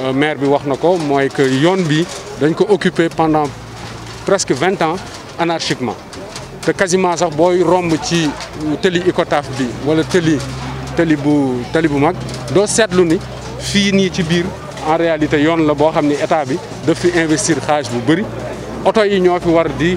Euh, maire bi wax na que yon bi dañ ko occuper pendant presque 20 ans anarchiquement te quasiment sax boy romb ci teli ikotaf bi wala tëli tëli bu tëli bu mag doo seetlu ni fi ni ci bir en réalité yon la bo xamni ni état bi daf fi investir xaalis bu bëri auto yi ñofi war di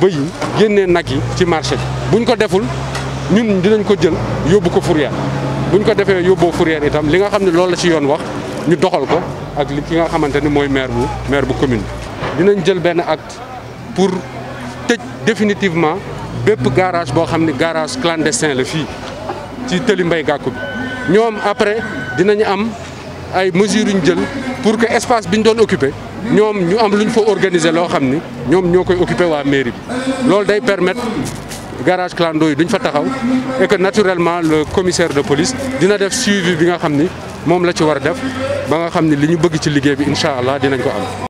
bëy yi génnee nag yi ci marché bi buñ ko deful ñun dinañ ko jël yóbbu ko fourrière buñ ko defee yóbboo fourrière itam li nga xam ne loolu la ci yoon wax ñu doxal ko ak li ki nga xamante ni mooy maire bu maire bu commune dinañ jël benn acte pour tëj definitivement bépp garage boo xam ne garage clandestin la fii ci tëli mbay gàkku bi ñoom après dinañu am ay mesures yu ñu jël pour que espace bi ñu doon occupé Nous devons organiser leur xam nous, nous occuper mairie permettre garage clandestin, et que naturellement le commissaire de police dina suivi bi nga la ci